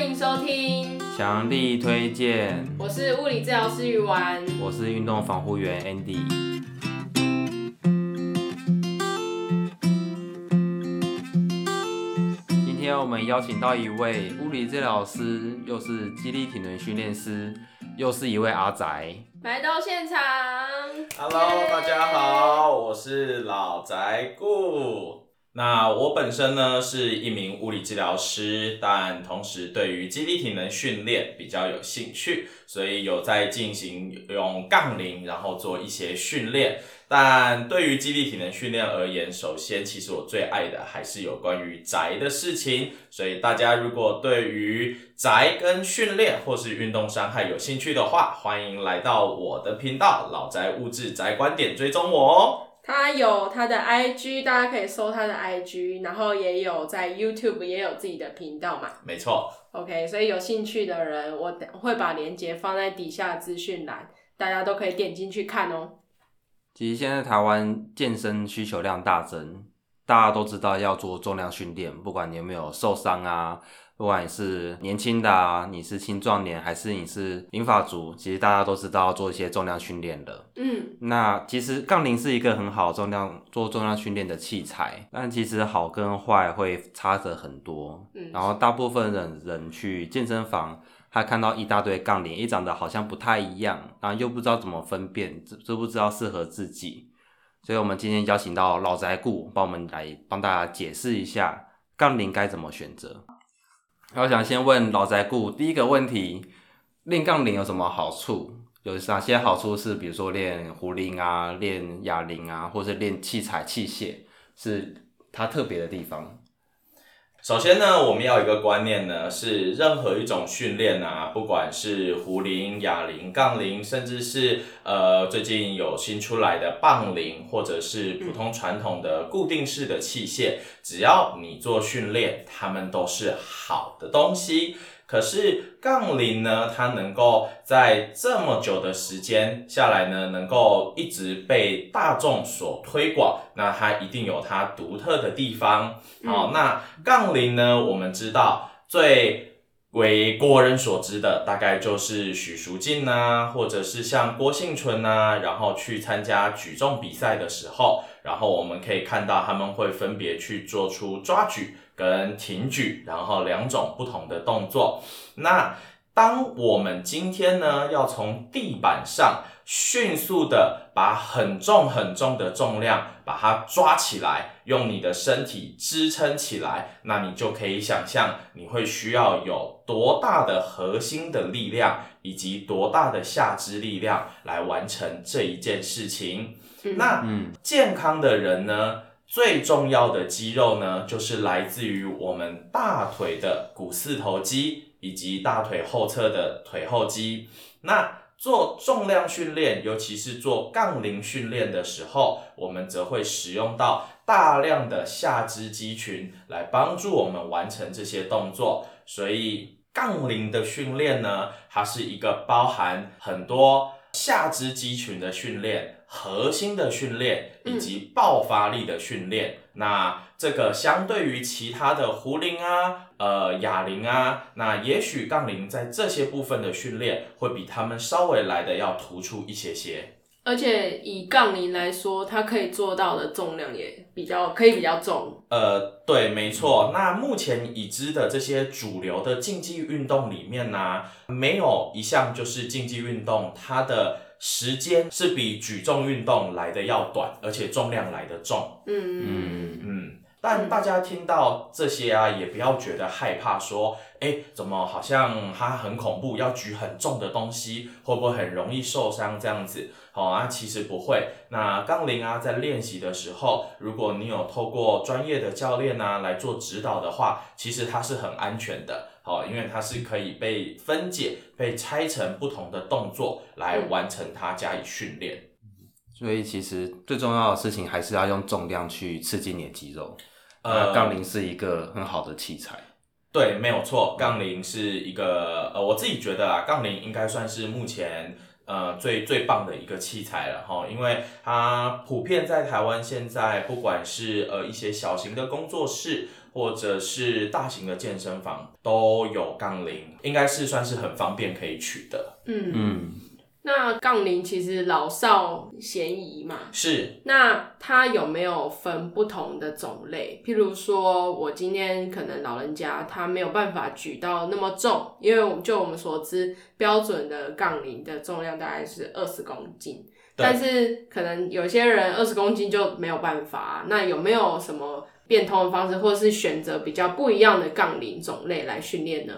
歡迎收聽，強力推薦。我是物理治療師魚丸，我是運動防護員 Andy。今天我們邀請到一位物理治療師，又是肌力體能訓練師，又是一位阿宅，來到現場。Hello，Hey. 大家好，我是老宅顧。那我本身呢，是一名物理治療師，但同時對於肌力體能訓練比較有興趣，所以有在進行用槓鈴，然後做一些訓練。但對於肌力體能訓練而言，首先其實我最愛的還是有關於宅的事情。所以大家如果對於宅跟訓練或是運動傷害有興趣的話，歡迎來到我的頻道“老宅物治宅觀點”，追蹤我哦。他有他的 IG，大家可以搜他的 IG，然後也有在 YouTube 也有自己的頻道嘛。沒錯。OK，所以有興趣的人，我會把鏈接放在底下資訊欄，大家都可以點進去看喔。其實現在台灣健身需求量大增，大家都知道要做重量訓練，不管你有沒有受傷啊。不管你是年輕的啊，你是青壯年，還是你是銀髮族，其實大家都知道做一些重量訓練的。嗯，那其實槓鈴是一個很好重量做重量訓練的器材，但其實好跟壞會差着很多。嗯，然後大部分人人去健身房，他看到一大堆槓鈴，也長得好像不太一樣，然後又不知道怎麼分辨，就不知道適合自己。所以，我們今天邀請到老宅顧，幫我們來幫大家解釋一下槓鈴該怎麼選擇。我想先問老宅顧第一個問題：練槓鈴有什麼好處？有哪些好處是，比如說練壺鈴啊、練啞鈴啊，或者練器材器械，是它特別的地方？首先呢，我們要有一個觀念呢，是任何一種訓練啊，不管是壺鈴、啞鈴、槓鈴，甚至是呃最近有新出來的棒鈴，或者是普通傳統的固定式的器械，只要你做訓練，它們都是好的東西。可是槓鈴呢，它能夠在這麼久的時間下來呢，能夠一直被大眾所推廣，那它一定有它獨特的地方。嗯、好，那槓鈴呢，我們知道最為國人所知的，大概就是許淑淨吶、啊，或者是像郭婞淳吶，然後去參加舉重比賽的時候。然後我們可以看到，他們會分別去做出抓舉跟挺舉，然後兩種不同的動作。那當我們今天呢，要從地板上迅速的把很重很重的重量把它抓起來，用你的身體支撐起來，那你就可以想象你會需要有多大的核心的力量，以及多大的下肢力量來完成這一件事情。 那嗯，健康的人呢，最重要的肌肉呢，就是來自於我們大腿的股四頭肌以及大腿後側的腿後肌。那做重量訓練，尤其是做槓鈴訓練的時候，我們則會使用到大量的下肢肌群來幫助我們完成這些動作。所以，槓鈴的訓練呢，它是一個包含很多下肢肌群的訓練。核心的訓練以及爆發力的訓練，嗯、那這個相對於其他的壺鈴啊、呃啞鈴啊，那也許槓鈴在這些部分的訓練會比他們稍微來的要突出一些些。而且以槓鈴來說，它可以做到的重量也比較可以比較重。呃，對，沒錯。嗯、那目前已知的這些主流的競技運動裡面呢、啊，沒有一項就是競技運動它的。時間是比舉重運動來的要短，而且重量來的重。嗯嗯嗯但大家聽到這些啊，也不要覺得害怕，說，哎、欸，怎麼好像它很恐怖，要舉很重的東西，會不會很容易受傷這樣子？好、哦、啊，其實不會。那槓鈴啊，在練習的時候，如果你有透過專業的教練啊，來做指導的話，其實它是很安全的。哦，因為它是可以被分解、被拆成不同的動作來完成它，加以訓練、嗯。所以其實最重要的事情還是要用重量去刺激你的肌肉。呃，槓鈴是一個很好的器材。對，沒有錯，槓鈴是一個呃，我自己覺得啊，槓鈴應該算是目前呃最最棒的一個器材了哈，因為它普遍在台灣現在不管是呃一些小型的工作室。或者是大型的健身房都有槓鈴，應該是算是很方便可以取得。嗯嗯，嗯，那槓鈴其實老少咸宜嘛。是。那它有沒有分不同的種類？譬如說，我今天可能老人家他沒有辦法舉到那麼重，因為就我們所知，標準的槓鈴的重量大概是二十公斤，對但是可能有些人二十公斤就沒有辦法。那有沒有什麼？變通的方式，或者是選擇比較不一樣的槓鈴種類來訓練呢？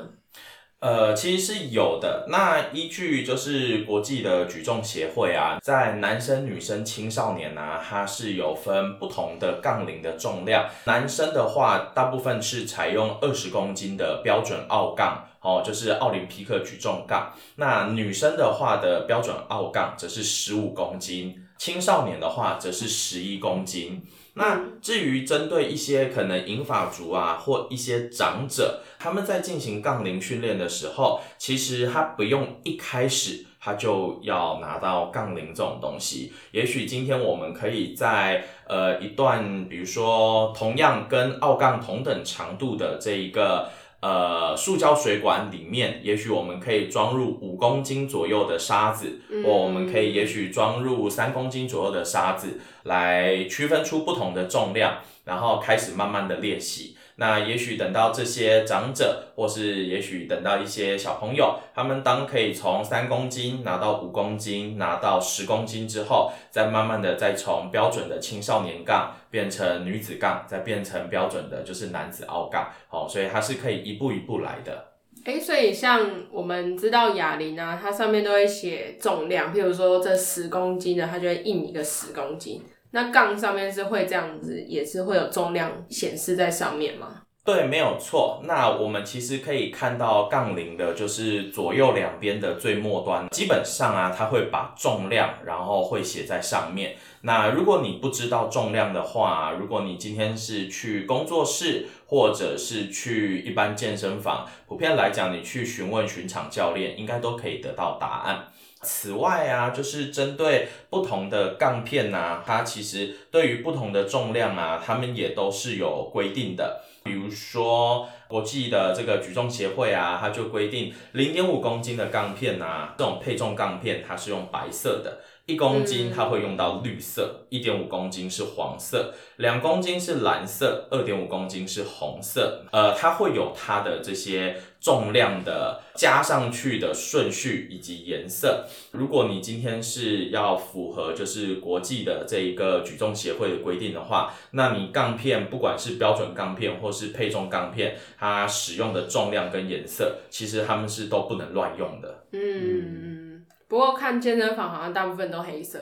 呃，其實是有的。那依據就是國際的舉重協會啊，在男生、女生、青少年啊，它是有分不同的槓鈴的重量。男生的話，大部分是採用二十公斤的標準奧槓，哦，就是奧林匹克舉重槓。那女生的話的標準奧槓則是十五公斤，青少年的話則是十一公斤。那至於針對一些可能銀髮族啊，或一些長者，他們在進行槓鈴訓練的時候，其實他不用一開始他就要拿到槓鈴這種東西。也許今天我們可以在呃一段，比如說同樣跟奧槓同等長度的這一個。呃，塑膠水管裡面，也許我們可以裝入五公斤左右的沙子，嗯嗯，或我們可以也許裝入三公斤左右的沙子，來區分出不同的重量，然後開始慢慢的練習。那也許等到這些長者，或是也許等到一些小朋友，他們當可以從三公斤拿到五公斤，拿到十公，公斤之後，再慢慢的再從標準的青少年槓變成女子槓，再變成標準的就是男子奧槓，哦，所以它是可以一步一步來的。誒、欸、所以像我們知道啞鈴啊，它上面都會寫重量，譬如說這十公斤的，它就會印一個十公斤。那槓上面是會這樣子，也是會有重量顯示在上面嗎？對，沒有錯。那我們其實可以看到槓鈴的就是左右兩邊的最末端，基本上啊，它會把重量然後會寫在上面。那如果你不知道重量的話，如果你今天是去工作室或者是去一般健身房，普遍來講，你去詢問巡場教練，應該都可以得到答案。此外啊，就是針對不同的槓片吶、啊，它其實對於不同的重量啊，他們也都是有規定的。比如說，國際的這個舉重協會啊，它就規定零點五公斤的槓片吶、啊，這種配重槓片它是用白色的。一公斤它會用到綠色，一點五公斤是黃色，兩公斤是藍色，二點五公斤是紅色。呃，它會有它的這些重量的加上去的順序以及顏色。如果你今天是要符合就是國際的這一個舉重協會的規定的話，那你槓片不管是標準槓片或是配重槓片，它使用的重量跟顏色，其實他們是都不能亂用的。嗯。不過看健身房好像大部分都黑色，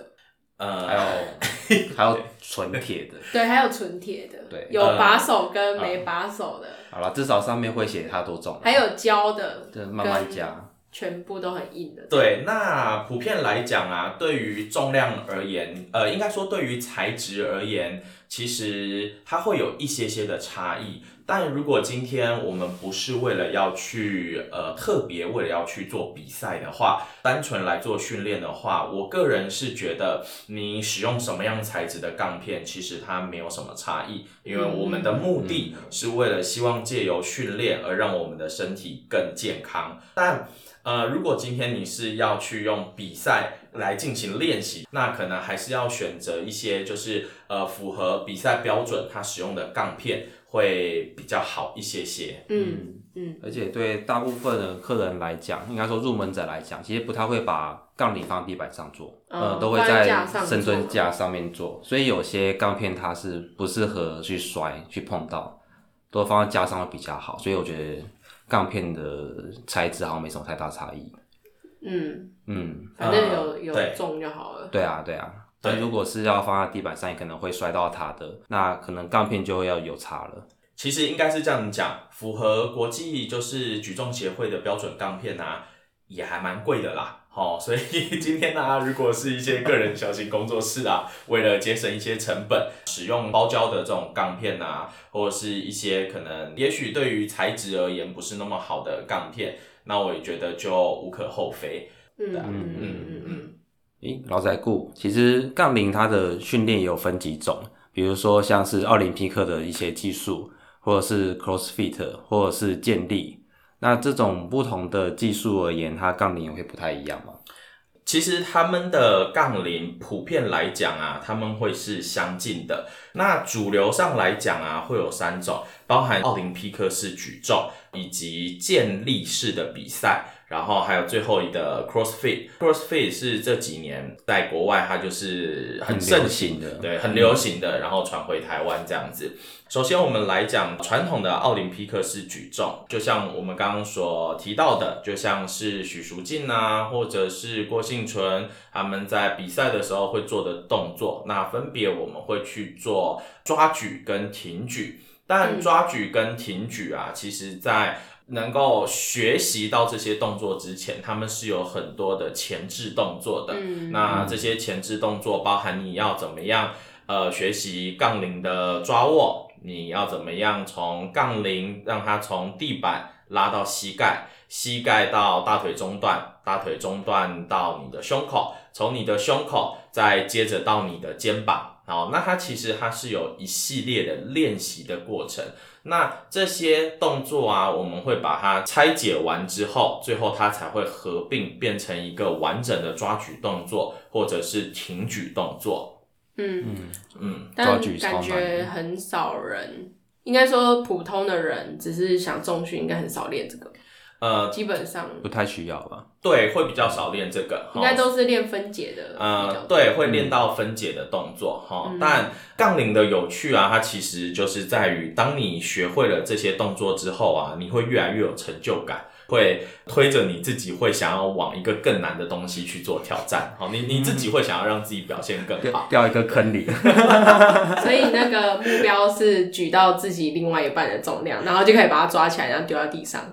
呃，還有 對還有純鐵的，對， 對，還有純鐵的，對，有把手跟沒把手的。呃呃、好了，至少上面會寫它多重。還有膠的，對，慢慢加。全部都很硬的。對，那普遍來講啊，對於重量而言，呃，應該說對於材質而言，其實它會有一些些的差異。但如果今天我們不是為了要去呃特別為了要去做比賽的話，單純來做訓練的話，我個人是覺得你使用什麼樣材質的槓片，其實它沒有什麼差異，因為我們的目的是為了希望借由訓練而讓我們的身體更健康。但呃，如果今天你是要去用比賽來進行練習，那可能還是要選擇一些就是呃符合比賽標準它使用的槓片。會比較好一些些，嗯嗯，嗯，而且對大部分的客人來講， 應該說入門者來講，其實不太會把槓鈴放在地板上做，呃、嗯嗯，都會在深蹲架上面做，所以有些槓片它是不適合去摔去碰到，都放在架上會比較好，所以我覺得槓片的材質好像沒什麼太大差異，嗯嗯，反正有、嗯、有重就好了，對啊對啊。對啊但如果是要放在地板上，也可能會摔到它的，那可能槓片就會要有差了。嗯、其實應該是這樣講，符合國際就是舉重協會的標準槓片吶、啊，也還蠻貴的啦。好，所以今天呢、啊，如果是一些個人小型工作室啊， 為了節省一些成本，使用包膠的這種槓片吶、啊，或者是一些可能也許對於材質而言不是那麼好的槓片，那我也覺得就無可厚非。嗯嗯嗯嗯。誒，老宅顧，其實槓鈴它的訓練也有分幾種，比如說像是奧林匹克的一些技術，或者是 CrossFit，或者是健力。那這種不同的技術而言，它槓鈴也會不太一樣嗎？其實他們的槓鈴普遍來講啊，他們會是相近的。那主流上來講啊，會有三種，包含奧林匹克式舉重以及健力式的比賽。然後還有最後一個 CrossFit，CrossFit 是這幾年在國外它就是很盛行，很流行的，對，很流行的，然後傳回台灣這樣子。首先我們來講傳統的奧林匹克式舉重，就像我們剛剛所提到的，就像是許淑淨啊，或者是郭婞淳他們在比賽的時候會做的動作。那分別我們會去做抓舉跟挺舉，但抓舉跟挺舉啊，嗯、其實在能夠學習到這些動作之前，他們是有很多的前置動作的。嗯嗯嗯。那這些前置動作包含你要怎麼樣，呃，學習槓鈴的抓握，你要怎麼樣從槓鈴讓它從地板拉到膝蓋，膝蓋到大腿中段，大腿中段到你的胸口，從你的胸口再接着到你的肩膀。好，那它其實它是有一系列的練習的過程，那這些動作啊，我們會把它拆解完之後，最後它才會合併變成一個完整的抓舉動作或者是挺舉動作。嗯嗯嗯，嗯嗯但感覺很少人，應該說普通的人，只是想重訓，應該很少練這個。呃，基本上不太需要吧？對，會比較少練這個，應該都是練分解的。呃，對，會練到分解的動作哈。嗯、但槓鈴的有趣啊，它其實就是在於，當你學會了這些動作之後啊，你會越來越有成就感，會推着你自己會想要往一個更難的東西去做挑戰。好、嗯，你你自己會想要讓自己表現更好，掉，掉一個坑裡。 所以那個目標是舉到自己另外一半的重量，然後就可以把它抓起來，然後丟到地上。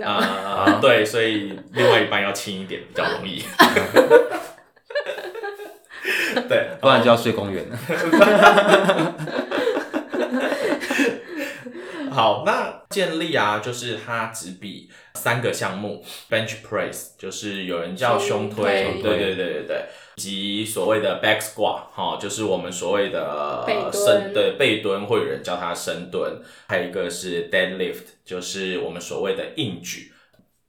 啊、嗯，對，所以另外一半要輕一點比較容易， 對，不然就要睡公園了。 好，那健力啊，就是它只比三個項目 bench press，就是有人叫胸推，對,胸推對對對對對。及所謂的 back squat 哈，就是我們所謂的深蹲，背蹲，會有人叫它深蹲。還有一個是 deadlift，就是我們所謂的硬舉。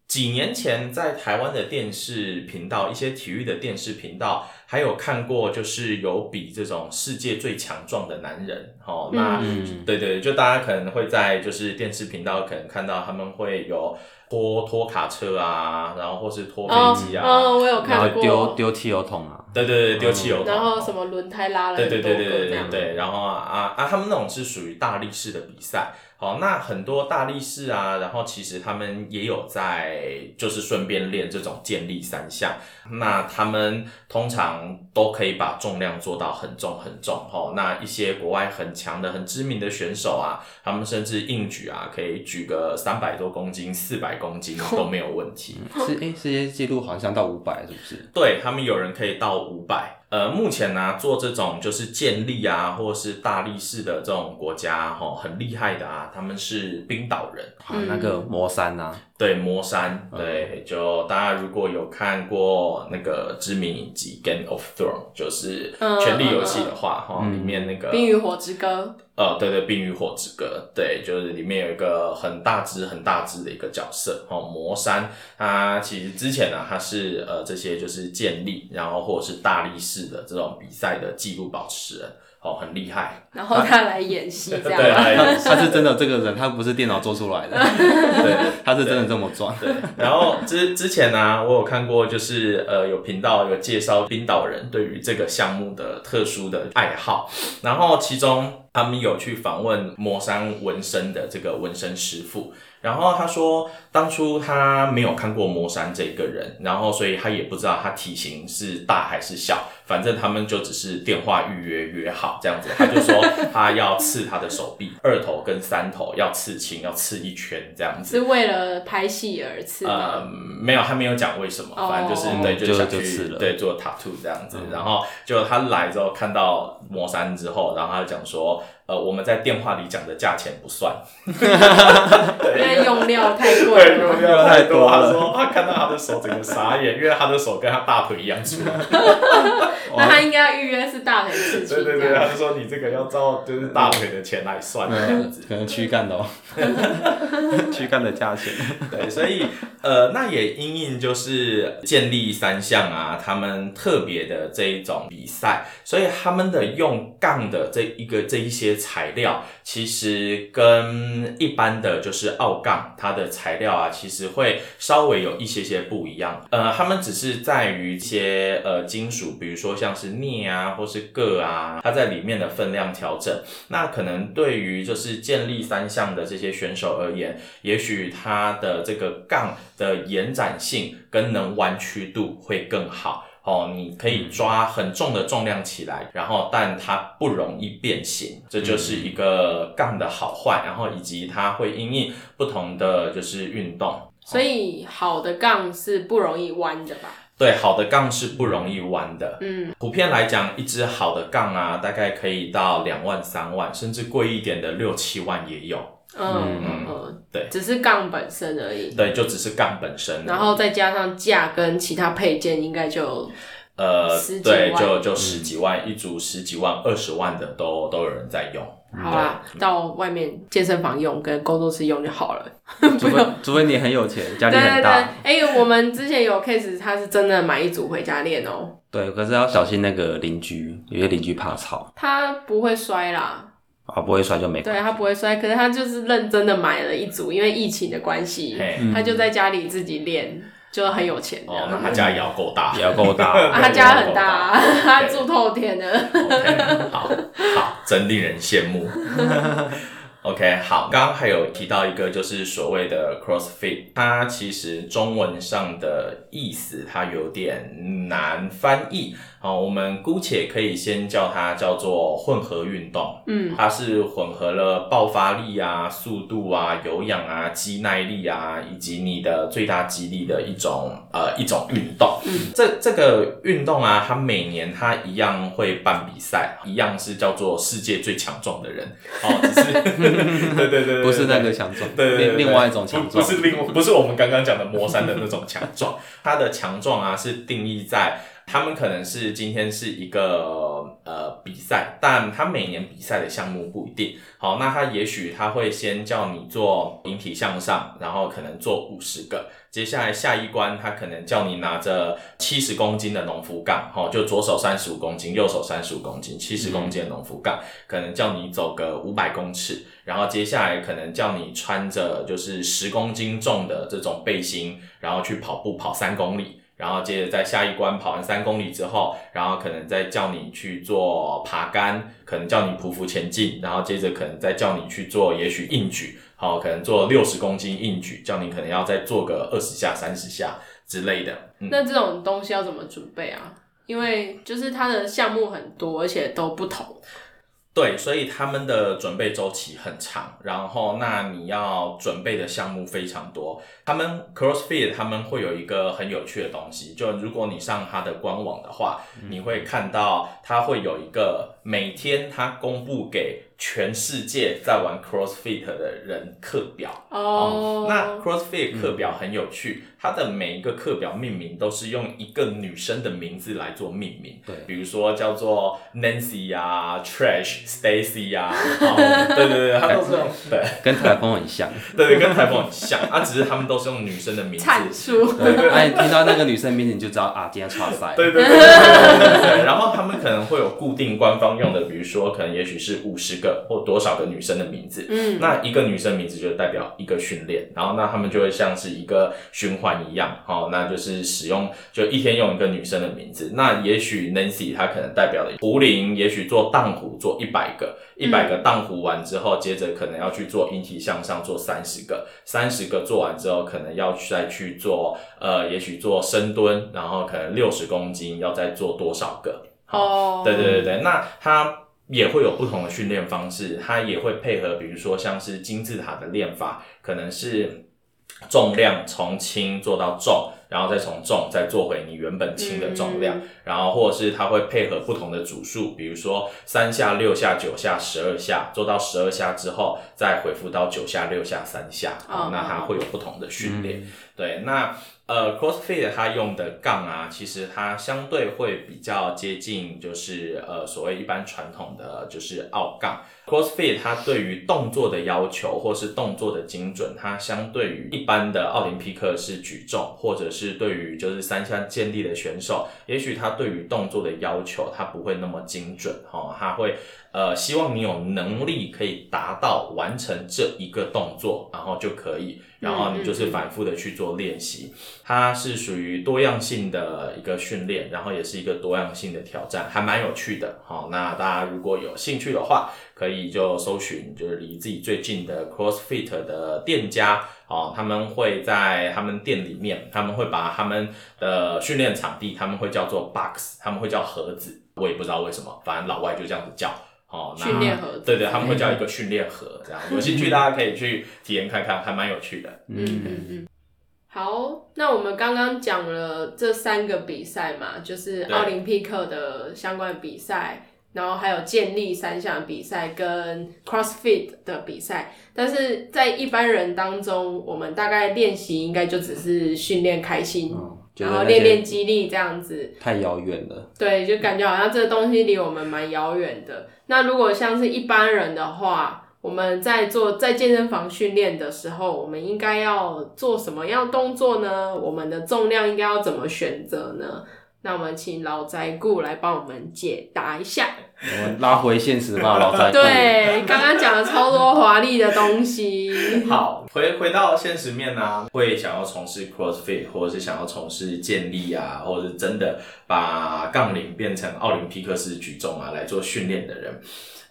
幾年前在台灣的電視頻道，一些體育的電視頻道。還有看過，就是有比這種世界最強壯的男人，哦，那、嗯、對對，對就大家可能會在就是電視頻道可能看到他們會有拖拖卡車啊，然後或是拖飛機啊，哦、嗯，我有看過，然後丟丟汽油桶啊，對對對，丟汽油桶，嗯，然後什麼輪胎拉了，對對對對對對，然後啊啊他們那種是屬於大力士的比賽，哦，那很多大力士啊，然後其實他們也有在就是順便練這種健力三項，那他們通常、嗯。都可以把重量做到很重很重哈，那一些國外很強的、很知名的選手啊，他們甚至硬舉啊，可以舉個三百多公斤、四百公斤都沒有問題。 是誒、欸，世界紀錄好像到五百是不是？對，他們有人可以到五百。呃，目前呢、啊，做這種就是健力啊，或是大力士的這種國家哈，很厲害的啊，他們是冰島人，那個魔山吶。 對，魔山，對，就大家如果有看過那個知名影集《Game of Thrones》，就是《權力遊戲》的話，哈、嗯，嗯、裡面那個《冰與火之歌》。呃、嗯，對對，對，《冰與火之歌》，對，就是裡面有一個很大隻、很大隻的一個角色，哦，魔山，他其實之前呢、啊，他是呃，這些就是健力，然後或者是大力士的這種比賽的紀錄保持人。哦，很厲害。然後他來演戲，這樣。 對他他，他是真的這個人，他不是電腦做出來的。 對，他是真的這麼壯對。 對，然後之之前呢、啊，我有看過，就是呃，有頻道有介紹冰島人對於這個項目的特殊的愛好。然後其中他們有去訪問魔山紋身的這個紋身師傅。然後他說，當初他沒有看過魔山這個人，然後所以他也不知道他體型是大還是小，反正他們就只是電話預約約好這樣子。他就說他要刺他的手臂 二頭跟三頭要刺青，要刺一圈這樣子。是為了拍戲而刺的？呃，沒有，他沒有講為什麼，反正就是、oh, 對，就想去就就刺了，對，做 tattoo 這樣子。然後就他來之後看到魔山之後，然後他就講說。呃，我們在電話裡講的價錢不算，因為用料太貴，用料太多，他，太多。他說他看到他的手整個傻眼，因為他的手跟他大腿一樣粗。那他應該要預約是大腿七七錢 對對對，他就說，你這個要照就是大腿的錢來算這樣子， 可能軀幹的、喔，軀 幹的價錢。 對，所以呃，那也因應就是健力三項啊，他們特別的這一種比賽，所以他們的用槓的這一個這一些。材料其實跟一般的就是奧槓，它的材料啊，其實會稍微有一些些不一樣。呃，他們只是在於一些呃金屬，比如說像是鎳啊或是鉻啊，它在裡面的分量調整。那可能對於就是健力三項的這些選手而言，也許它的這個槓的延展性跟能彎曲度會更好。哦，oh, 你可以抓很重的重量起來，嗯、然後但它不容易變形，這就是一個槓的好壞，然後以及它會因應不同的就是運動。所以好的槓是不容易彎的吧？對，好的槓是不容易彎的。嗯，普遍來講，一支好的槓啊，大概可以到兩萬三萬，甚至貴一點的六七萬也有。嗯嗯嗯，對，只是槓本身而已。對，就只是槓本身。然後再加上架跟其他配件，應該就呃，對，就就十幾萬一組，十幾萬、二十萬的都都有人在用，好吧？到外面健身房用跟工作室用就好了，除非除非你很有錢，家裡很大。對對對。哎，我們之前有 case，他是真的買一組回家練哦。對，可是要小心那個鄰居，有些鄰居怕吵。他不會摔啦。啊、不會摔就沒關係。對，他不會摔，可是他就是認真的買了一組，因為疫情的關係，嘿他就在家裡自己練，就很有錢。哦，那他家也要夠大，也要夠大、 啊，他家很大，啊，大他住透天的，okay。好好， 真令人羨慕。OK，好，剛剛還有提到一個，就是所謂的 CrossFit，它其實中文上的意思，它有點難翻譯。好，我們姑且可以先叫它叫做混合運動，嗯，它是混合了爆發力啊、速度啊、有氧啊、肌耐力啊，以及你的最大肌力的一種呃一種運動。嗯，這這個運動啊，它每年它一樣會辦比賽，一樣是叫做世界最強壯的人。哦，只是 不是對對對對，不是那個強壯，對另外一種強壯，不是另外不是我們剛剛講的魔山的那種強壯， 它的強壯啊是定義在。他們可能是今天是一個呃比賽，但他每年比賽的項目不一定。好，那他也許他會先叫你做引體向上，然後可能做五十個。接下來下一關，他可能叫你拿着七十公斤的農夫槓，哈，就左手三十五公斤，右手三十五公斤，七十公斤的農夫槓，嗯、可能叫你走個五百公尺。然後接下來可能叫你穿着就是十公斤重的這種背心，然後去跑步跑三公里。然後接着在下一關跑完三公里之後，然後可能再叫你去做爬桿，可能叫你匍匐前進，然後接着可能再叫你去做也許硬舉，好，可能做六十公斤硬舉，叫你可能要再做個二十下三十下之類的。嗯、那這種東西要怎麼準備啊？因為就是它的項目很多，而且都不同。對，所以他們的準備週期很長，然後那你要準備的項目非常多。他們 CrossFit 他們會有一個很有趣的東西，就如果你上他的官網的話，嗯，你會看到他會有一個每天他公布給。全世界在玩 CrossFit 的人課表，哦、oh, 嗯，那 CrossFit 課表很有趣，嗯、它的每一個課表命名都是用一個女生的名字來做命名，對，比如說叫做 Nancy 呀、啊、，Trash Stacy 呀，對對對，他都是用， 跟颱風很像， 對，跟颱風很像，啊，只是他們都是用女生的名字， 對數，哎、啊，聽到那個女生的名字你就知道啊，今天差賽，對對對對， 對，然後他們可能會有固定官方用的，比如說可能也許是五十個。或多少個女生的名字？嗯，那一個女生名字就代表一個訓練，然後那他們就會像是一個循環一樣，好，那就是使用就一天用一個女生的名字。那也許 Nancy 她可能代表了壺鈴，也許做盪壺做一百個，一百、嗯、個盪壺完之後，接着可能要去做引體向上做三十個，三十個做完之後，可能要再去做呃，也許做深蹲，然後可能六十公斤要再做多少個？齁哦，對對對對，那他。也會有不同的訓練方式，它也會配合，比如說像是金字塔的練法，可能是重量從輕做到重，然後再從重再做回你原本輕的重量，嗯、然後或者是它會配合不同的組數，比如說三下、六下、九下、十二下，做到十二下之後再回復到九下、六下、三下，那它會有不同的訓練。嗯、對，那。呃，CrossFit 它用的槓啊，其實它相對會比較接近，就是呃，所謂一般傳統的就是奧槓。CrossFit 它對於動作的要求，或是動作的精準，它相對於一般的奧林匹克式舉重，或者是對於就是三項健力的選手，也許他對於動作的要求，他不會那麼精準哈、哦，他會呃希望你有能力可以達到完成這一個動作，然後就可以，然後你就是反覆的去做練習，它、嗯嗯嗯、是屬於多樣性的一個訓練，然後也是一個多樣性的挑戰，還蠻有趣的哈、哦。那大家如果有興趣的話，可以就搜尋，就是離自己最近的 CrossFit 的店家哦，他們會在他們店裡面，他們會把他們的訓練場地，他們會叫做 box，他們會叫盒子，我也不知道為什麼，反正老外就這樣子叫哦。訓練盒子。對，對對，他們會叫一個訓練盒，這樣 有興趣大家可以去體驗看看，還蠻有趣的。嗯嗯嗯。好，那我們剛剛講了這三個比賽嘛，就是奧林匹克的相關的比賽。然後還有健力三項比賽跟 CrossFit 的比賽，但是在一般人當中，我們大概練習應該就只是訓練開心，嗯、然後練練肌力這樣子。太遙遠了。對，就感覺好像這個東西離我們蠻遙遠的。嗯、那如果像是一般人的話，我們在做在健身房訓練的時候，我們應該要做什麼樣的動作呢？我們的重量應該要怎麼選擇呢？那我們請老宅顧來幫我們解答一下。我們拉回現實吧，老宅。 對，剛剛講了超多華麗的東西。 好，回回到現實面呢、啊，會想要從事 CrossFit，或者是想要從事健力啊，或者是真的把槓鈴變成奧林匹克式舉重啊，來做訓練的人。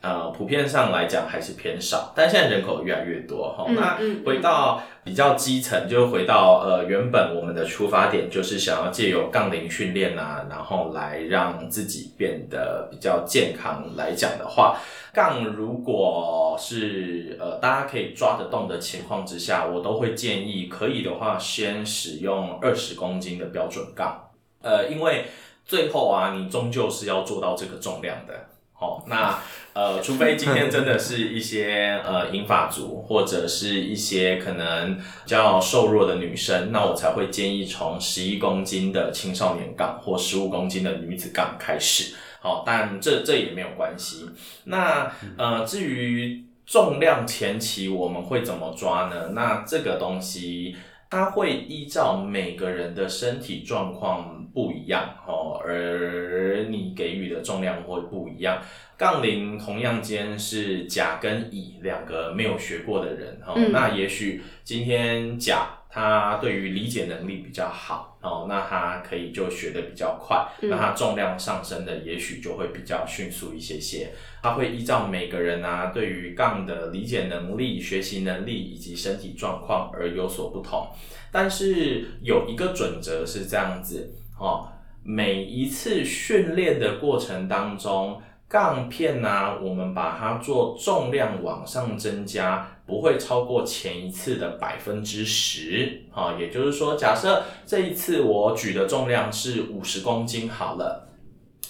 呃，普遍上來講還是偏少，但現在人口越來越多哈。那、哦嗯、回到比較基層，就回到呃原本我們的出發點，就是想要借由槓鈴訓練啊，然後來讓自己變得比較健康來講的話，槓如果是呃大家可以抓得動的情況之下，我都會建議可以的話先使用二十公斤的標準槓，呃，因為最後啊你終究是要做到這個重量的。哦，那呃，除非今天真的是一些 呃，銀髮族或者是一些可能比較瘦弱的女生，那我才會建議從十一公斤的青少年槓或十五公斤的女子槓開始。好，哦，但這這也沒有關係。那呃，至於重量前期我們會怎麼抓呢？那這個東西它會依照每個人的身體狀況。不一樣哦，而你給予的重量會不一樣。槓鈴同樣間是甲跟乙兩個沒有學過的人哦，嗯、那也許今天甲他對於理解能力比較好哦，那他可以就學得比較快，嗯、那他重量上升的也許就會比較迅速一些些。他會依照每個人啊對於槓的理解能力、學習能力以及身體狀況而有所不同，但是有一個準則是這樣子。哦，每一次訓練的過程當中，槓片呢、啊，我們把它做重量往上增加，不會超過前一次的百分之十。也就是說，假設這一次我舉的重量是五十公斤好了，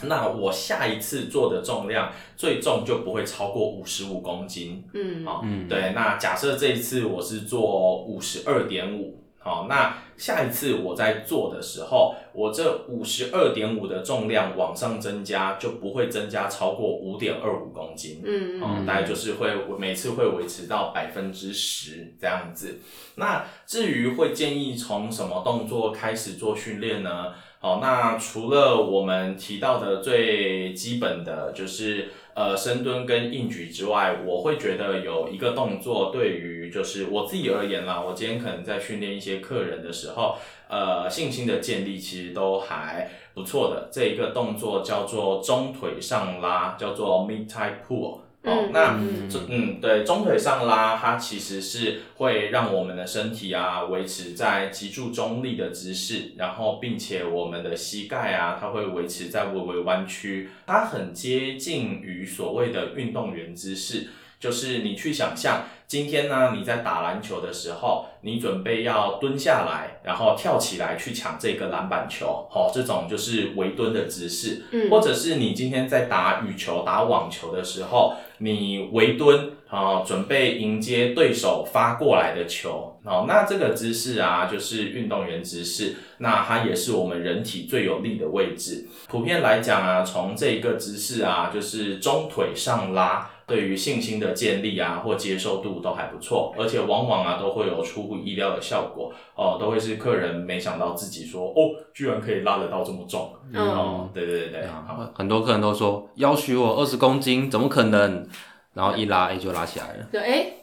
那我下一次做的重量最重就不會超過五十五公斤。嗯，啊、哦，嗯，對，那假設這一次我是做五十二點五。好，那下一次我在做的時候，我這五十二點五的重量往上增加，就不會增加超過五點二五公斤。嗯嗯嗯，嗯，大概就是會每次會維持到百分之十這樣子。那至於會建議從什麼動作開始做訓練呢？好，那除了我們提到的最基本的就是呃深蹲跟硬舉之外，我會覺得有一個動作對於就是我自己而言啦，我今天可能在訓練一些客人的時候，呃信心的建立其實都還不錯的。這一個動作叫做中腿上拉，叫做 mid-thigh pull。哦，oh, 嗯，那，嗯，對，中腿上拉，它其實是會讓我們的身體啊維持在脊柱中立的姿勢，然後並且我們的膝蓋啊，它會維持在微微彎曲，它很接近於所謂的運動員姿勢。就是你去想象，今天呢，你在打籃球的時候，你準備要蹲下來，然後跳起來去搶這個籃板球，好、哦，這種就是微蹲的姿勢。嗯，或者是你今天在打羽球、打網球的時候，你微蹲啊、哦，準備迎接對手發過來的球，好、哦，那這個姿勢啊，就是運動員姿勢，那它也是我們人體最有力的位置。普遍來講啊，從這個姿勢啊，就是中腿上拉。對於信心的建立啊，或接受度都還不錯，而且往往啊都會有出乎意料的效果哦、呃，都會是客人沒想到自己說哦，居然可以拉得到這麼重、啊，哦、嗯嗯，對對對，嗯、好很多客人都說要求我二十公斤，怎麼可能？然後一拉、欸、就拉起來了，就誒、欸、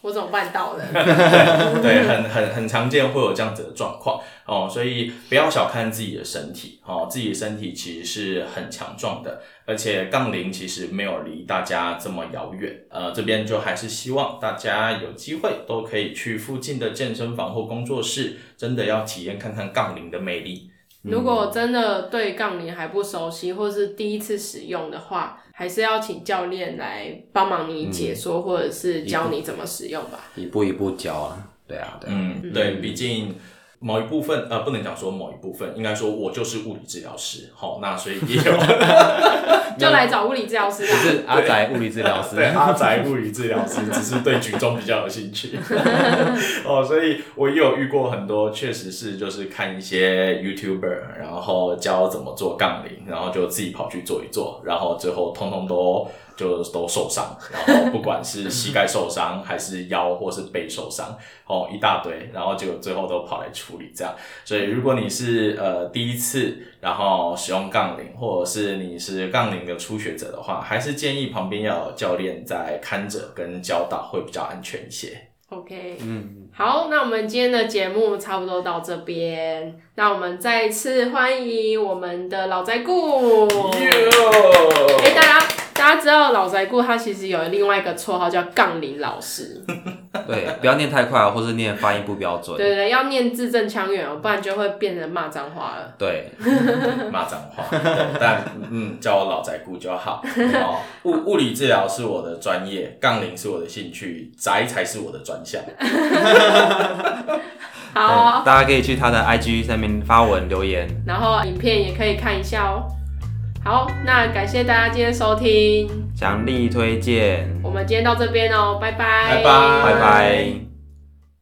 我怎麼辦到了 對，很很很常見會有這樣子的狀況。哦，所以不要小看自己的身體哦，自己身體其實是很強壯的，而且槓鈴其實沒有離大家這麼遙遠。呃，這邊就還是希望大家有機會都可以去附近的健身房或工作室，真的要體驗看看槓鈴的魅力。嗯，如果真的對槓鈴還不熟悉，或是第一次使用的話，還是要請教練來幫忙你解說，嗯，或者是教你怎麼使用吧。一，一步一步教啊，對啊，對，嗯，嗯對，畢竟。某一部分，呃，不能講說某一部分，應該說我就是物理治療師，好，那所以也有，就來找物理治療師吧，不 是阿宅物理治療師， 對，對阿宅物理治療師， 只是對舉重比較有興趣。 哦，所以我也有遇過很多，確實是就是看一些 YouTuber，然後教怎麼做槓鈴，然後就自己跑去做一做，然後最後通通都。就都受傷，然後不管是膝蓋受傷， 還是腰或是背受傷， 哦，一大堆，然後就最後都跑來處理這樣。所以如果你是呃第一次，然後使用槓鈴，或者是你是槓鈴的初學者的話，還是建議旁邊要有教練在看着跟教導，會比較安全一些。OK，嗯，好，那我們今天的節目差不多到這邊，那我們再次歡迎我們的老宅顧，Yo! 他知道老宅顧，他其實有另外一個綽號叫槓鈴老師。對，不要念太快喔，或是念發音不標準。對對，要念字正腔圓喔，不然就會變成罵髒話了。對，罵髒 話。但嗯，叫 我老宅顧就好。物物理治療是我的專業，槓鈴是我的興趣，宅才是我的專項。好，大家可以去他的 IG 上面發文留言，然後影片也可以看一下喔。好，那感謝大家今天收聽，強力推薦，我們今天到這邊哦，拜拜，拜拜，拜拜。